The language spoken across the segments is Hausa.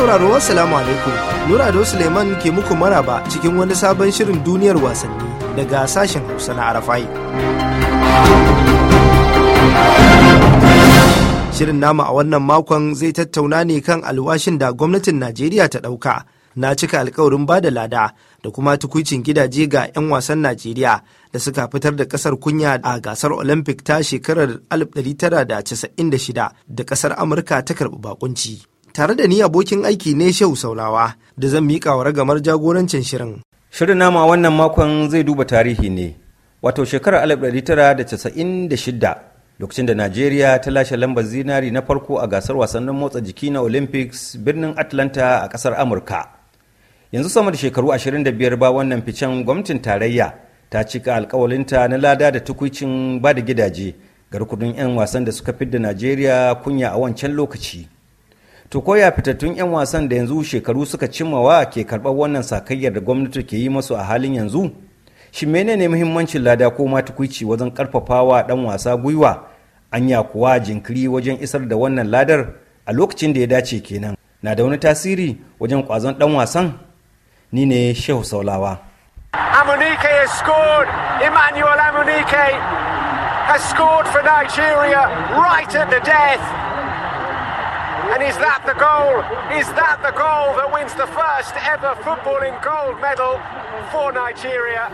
sauraro Assalamu alaikum. Nura Ado Suleiman ke muku maraba cikin wani sabon shirin duniyar wasanni daga sashen Hausa na Arafai. Shirin nama a wannan makon zai tattauna ne kan alwashin da gwamnatin Najeriya ta ɗauka na cika alkawarin ba da lada da kuma tukuicin gidaje ga 'yan wasan Najeriya da suka fitar da kasar kunya a gasar Olympic ta shekarar 1996 da kasar Amurka ta karbi bakunci. tare da ni abokin aiki ne shehu saulawa da zan miƙa wa ragamar jagorancin shirin shirin nama wannan makon zai duba tarihi ne wato shekarar 1996 lokacin da najeriya ta lashe lambar zinari na farko a gasar wasannin motsa jiki na olympics birnin atlanta a kasar amurka yanzu sama da shekaru 25 ba wannan ficen gwamnatin tarayya ta cika alkawalinta na lada da tukuicin ba da gidaje ga rukunin 'yan wasan da suka fidda najeriya kunya a wancan lokaci to koya fitattun 'yan wasan da yanzu shekaru suka cimma wa ke karɓar wannan sakayyar da gwamnati ke yi masu a halin yanzu shi menene muhimmancin lada ko ma tukuici wajen karfafawa dan wasa gwiwa anya kuwa jinkiri wajen isar da wannan ladar a lokacin da ya dace kenan na da wani tasiri wajen kwazon dan wasan ni ne shehu saulawa amunike has scored emmanuel amunike has scored for nigeria right at the death And is that the goal? Is that the goal that wins the first ever footballing gold medal for Nigeria?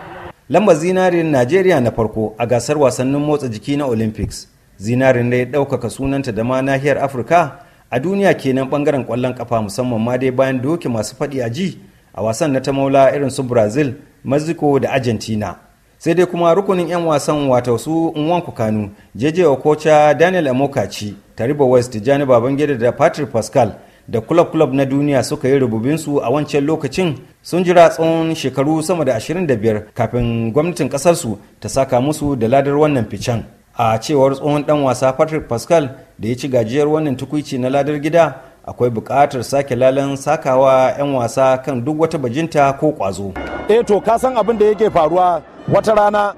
Lambar zinarin Najeriya na farko a gasar wasannin motsa jiki na Olympics. zinari da ya ɗaukaka sunanta da ma nahiyar Afirka a duniya kenan bangaren ƙwallon ƙafa musamman ma dai bayan doke masu faɗi a ji a wasan na ta maula irin su Brazil, Mexico da Argentina. sai dai kuma rukunin 'yan wasan wato su nwanku kanu jejewa koca daniel amokaci tariba west jani babangida da patrick pascal da club-club na duniya suka yi rububinsu a wancan lokacin sun jira tsawon shekaru sama da 25 kafin gwamnatin kasarsu ta saka musu da ladar wannan ficen a cewar tsohon dan wasa patrick pascal da ya ci gajiyar wannan tukuici na ladar gida akwai bukatar sake lalan sakawa 'yan wasa kan duk wata bajinta ko kwazo eh to ka san abin da yake faruwa wata rana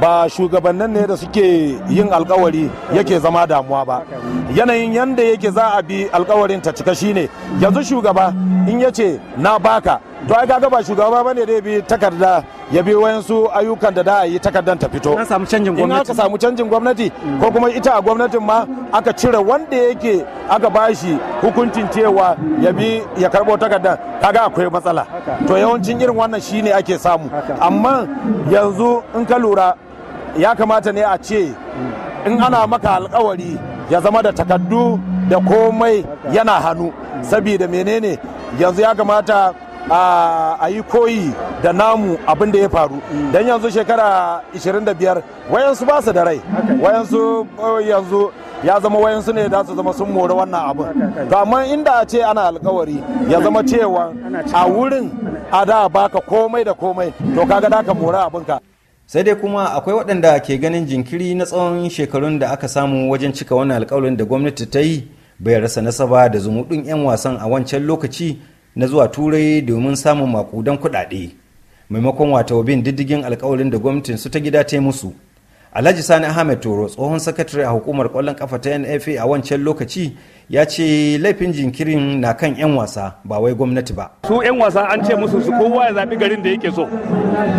ba shugabannin ne da suke yin alkawari yake zama damuwa ba yanayin yanda yake za a bi alkawarin ta cika shine yanzu shugaba in ya ce na baka to ai kaga ba shugaba bane dai bi takarda ya bi wayansu ayyukan da da yi takardan ta fito ina samu canjin gwamnati ina ka samu canjin gwamnati ko kuma ita a gwamnatin ma aka cire wanda yake aka bashi hukuncin cewa ya bi ya karbo takardan kaga akwai matsala to yawancin irin wannan shine ake samu amma yanzu in ka lura ya kamata ne a ce mm. in ana maka alkawari ya zama da takardu da komai yana hannu mm. sabida menene yanzu ya kamata a yi koyi da namu abin da ya faru don yanzu shekara 25 wayansu ba su da rai wayansu yanzu ya zama wayansu ne da su zama sun mori wannan abin to amma inda a ce ana alkawari ya zama cewa a wurin a da baka komai da komai to kaga da ka mora abinka sai dai kuma akwai waɗanda ke ganin jinkiri na tsawon shekarun da aka samu wajen cika wannan alkawarin da gwamnati ta yi bai rasa nasaba da zumuɗin 'yan wasan a wancan lokaci na zuwa turai domin samun makudan kudade maimakon wato bin diddigin alkawarin da gwamnatin su ta gida ta musu alhaji sani ahmed toro tsohon sakatare a hukumar kwallon kafa ta nfa a wancan lokaci ya ce laifin jinkirin na kan 'yan wasa ba wai gwamnati ba su 'yan wasa an ce musu su kowa ya zabi garin da yake so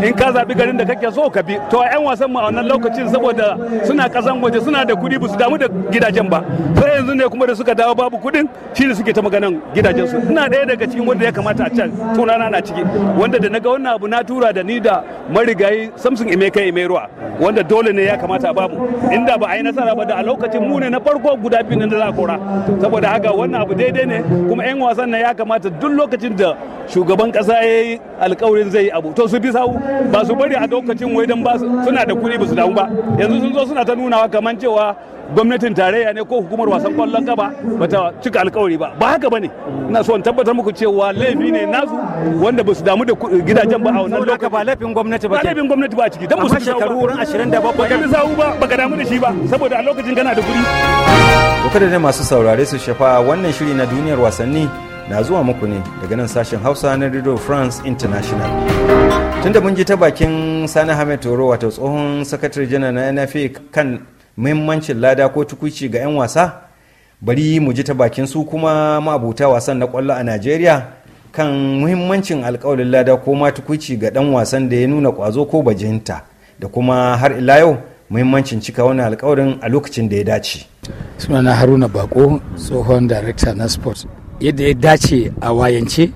in ka zaɓi garin da kake so ka bi to 'yan wasan ma a wannan lokacin saboda suna kasan waje suna da kuɗi ba su damu da gidajen ba sai yanzu ne kuma da suka dawo babu kuɗin shi ne suke ta maganan gidajen su ina ɗaya daga cikin wanda ya kamata a can tunana na ciki wanda da na wannan abu na tura da ni da marigayi samson emeka emeruwa wanda dole ne ne ya kamata a bamu inda ba a yi nasara ba da a lokacin mu ne na farko guda biyu nan da za a kora saboda haka wannan abu daidai ne kuma 'yan wasan nan ya kamata duk lokacin da shugaban kasa ya yi alkawarin zai yi abu to su bi sa'u ba su bari a lokacin wai dan ba suna da kuɗi ba su damu ba yanzu sun zo suna ta nunawa kamar cewa gwamnatin tarayya ne ko hukumar wasan kwallon kafa bata cika alkawari ba ba haka bane ina so in tabbatar muku cewa laifi ne nasu wanda ba su damu da eh, gidajen ba a wannan lokacin ba laifin gwamnati ba laifin gwamnati ba a ciki dan ba su shekaru wurin 27 ba ka zawu ba ka damu da shi ba saboda a lokacin kana da kuɗi to kada ne masu saurare su shafa wannan shiri na duniyar wasanni na zuwa muku ne daga nan sashen hausa na radio france international tunda mun ji ta bakin sani hamed toro wato tsohon sakatare janar na nfa kan muhimmancin lada ko tukuici ga 'yan wasa bari mu ji ta bakin su kuma ma'abuta wasan na kwallo a najeriya kan muhimmancin alkawalin lada ko ma tukuici ga dan wasan da ya nuna kwazo ko bajinta da kuma har ila yau muhimmancin cika wani alkawarin a lokacin da ya dace sunana haruna bako tsohon darekta na sport yadda ya dace a wayance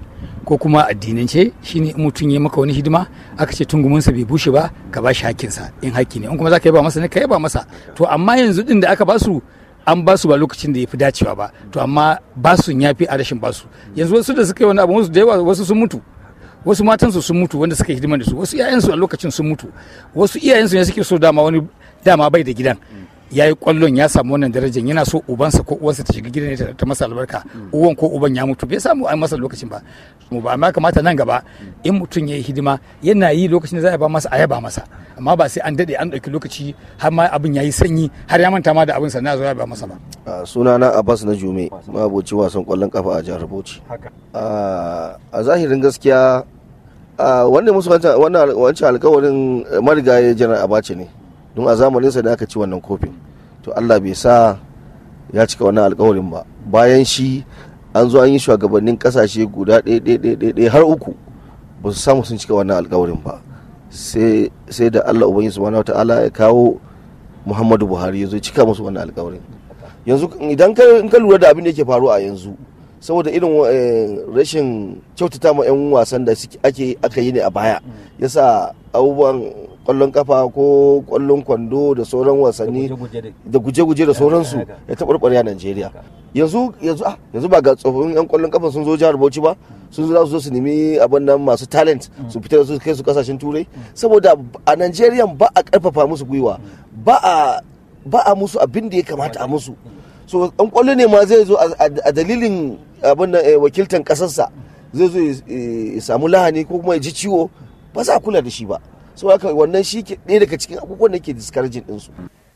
ko kuma addinance shine in mutum ya maka wani hidima aka ce tungumunsa bai bushe ba ka ba shi hakinsa in hakki ne in kuma za ka yaba masa ne ka yaba masa to amma yanzu din da aka ba su an ba su ba lokacin da ya fi dacewa ba to amma ba su ya fi a rashin su. yanzu wasu da suka yi wani abu wasu da yawa wasu sun mutu wasu matansu sun mutu wanda suka yi hidima da su wasu iyayensu a lokacin sun mutu wasu iyayensu ne suke so dama wani dama bai da gidan ya yi kwallon ya samu wannan darajar yana so ubansa ko uwansa ta shiga gidan ta masa albarka uwan ko uban ya mutu bai samu an masa lokacin ba mu ba amma kamata nan gaba in mutum ya yi hidima yana yi lokacin da za a ba masa a yaba masa amma ba sai an dade an ɗauki lokaci har ma abin ya yi sanyi har ya manta ma da abin sannan zo ya ba masa ba. sunana abbas na jume maboci wasan kwallon kafa a jihar bauchi a zahirin gaskiya wannan musu wancan alkawarin eh, marigayi janar abace ne don a zamaninsa da aka ci wannan kofin to allah bai sa ya cika wannan alkawarin ba bayan shi an zo an yi shugabannin kasashe guda ɗaya har uku ba su samu sun cika wannan alkawarin ba sai da allah ubangiji subhanahu ta'ala ya kawo muhammadu buhari ya cika musu wannan alkawarin yanzu idan ka lura da abin da yake faruwa a yanzu saboda irin eh, rashin kyautata ma 'yan wasan da ake aka yi ne a baya yasa abubuwan kwallon kafa ko kwallon kwando da sauran wasanni da guje-guje da sauransu ya taɓarɓare a Najeriya. Yanzu ah, ba ga tsofaffin yan kwallon kafa sun zo jihar Bauchi ba sun zo zo su nemi abin nan masu talent mm. su fita su kai su kasashen turai saboda a Najeriya ba a ƙarfafa musu gwiwa ba a ba a musu abin da ya kamata a musu so ɗan kwallo ne ma zai zo a dalilin abin da eh, wakiltan kasarsa zai zo ya samu lahani ko kuma ya ji ciwo ba za a kula da shi ba so haka wannan shi ke daga cikin abubuwan da ke discouraging ɗinsu.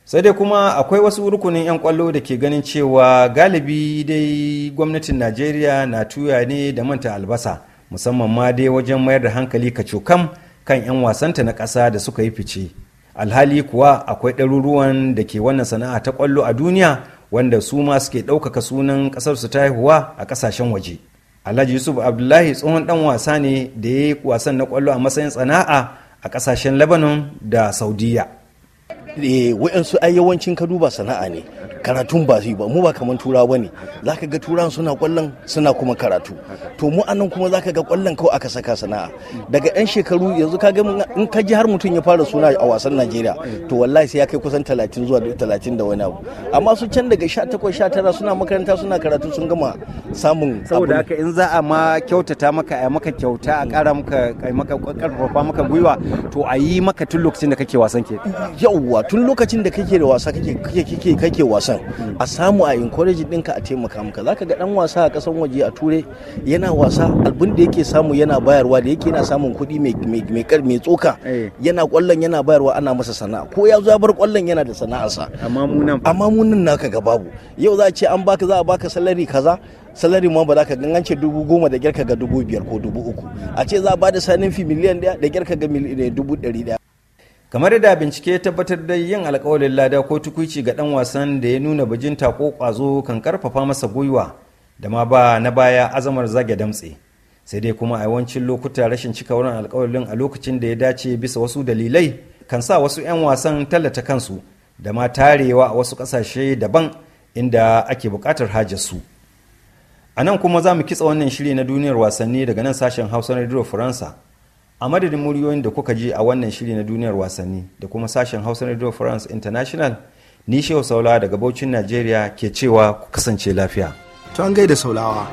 sai dai kuma akwai wasu rukunin 'yan kwallo da ke ganin cewa galibi dai gwamnatin najeriya na tuya ne da manta albasa musamman ma dai wajen mayar da hankali kacokam kan 'yan wasanta na kasa da suka yi fice alhali kuwa akwai ɗaruruwan da ke wannan sana'a ta kwallo a duniya wanda su ma suke ɗaukaka sunan ƙasarsu ta haihuwa a kasashen waje alhaji yusuf abdullahi tsohon ɗan wasa ne da ya yi wasan na kwallo a matsayin sana'a a kasashen lebanon da saudiya eh, waɗansu ai yawancin ka duba sana'a ne karatun ba ba mu ba kamar tura ba ne za ka ga turan suna kwallon suna kuma karatu to mu anan kuma za ka ga kwallon kawai aka saka sana'a daga yan shekaru yanzu ka ga in ka ji har mutum ya fara suna a wasan najeriya to wallahi sai ya kai kusan talatin zuwa talatin da wani abu amma su can daga sha takwas sha tara suna makaranta suna karatu sun gama samun saboda haka in za a ma kyautata maka a maka kyauta a kara maka kai maka karfafa maka gwiwa to a yi maka tun lokacin da kake wasan ke yauwa tun lokacin da kake da wasa kake kake kake wasa wasan a samu a encourage dinka a taimaka maka zaka ga dan wasa a kasan waje a ture yana wasa albin da yake samu yana bayarwa da yake yana samun kuɗi mai kar mai tsoka eh. yana kwallon yana bayarwa ana masa sana'a ko ya zo bar kwallon yana da sa amma munan amma munan naka ga babu yau za a ce an baka za a baka salari kaza salari ma ba za ka gangance dubu goma da girka ga dubu biyar ko dubu uku a ce za a bada sanin fi miliyan daya da girka ga eh, dubu ɗari daya kamar yadda bincike ya tabbatar da yin alkawalin lada ko tukuici ga dan wasan da ya nuna bajinta ko kwazo kan karfafa masa gwiwa da ma ba na baya azamar zage damtse sai dai kuma a yawancin lokuta rashin cika wurin alkawalin a lokacin da ya dace bisa wasu dalilai kan sa wasu 'yan wasan tallata kansu da ma tarewa a wasu kasashe daban inda ake bukatar hajarsu a nan kuma za mu kitsa wannan shiri na duniyar wasanni daga nan sashen hausa na faransa a madadin muryoyin da kuka ji a wannan shiri na duniyar wasanni da kuma sashen hausa radio france international ni shehu Saulawa daga Bauchin najeriya ke cewa ku kasance lafiya to an gaida saulawa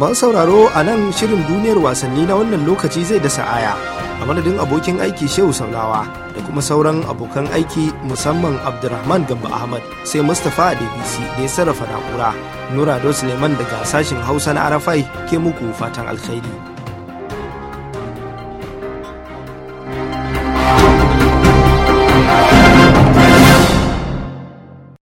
ban sauraro a nan shirin duniyar wasanni na wannan lokaci zai dasa aya a madadin abokin aiki shehu saulawa da kuma sauran abokan aiki musamman abdulrahman gamba ahmad sai mustapha adebisi da ya sarrafa na'ura nura suleiman daga sashen hausa na arafai ke muku fatan alkhairi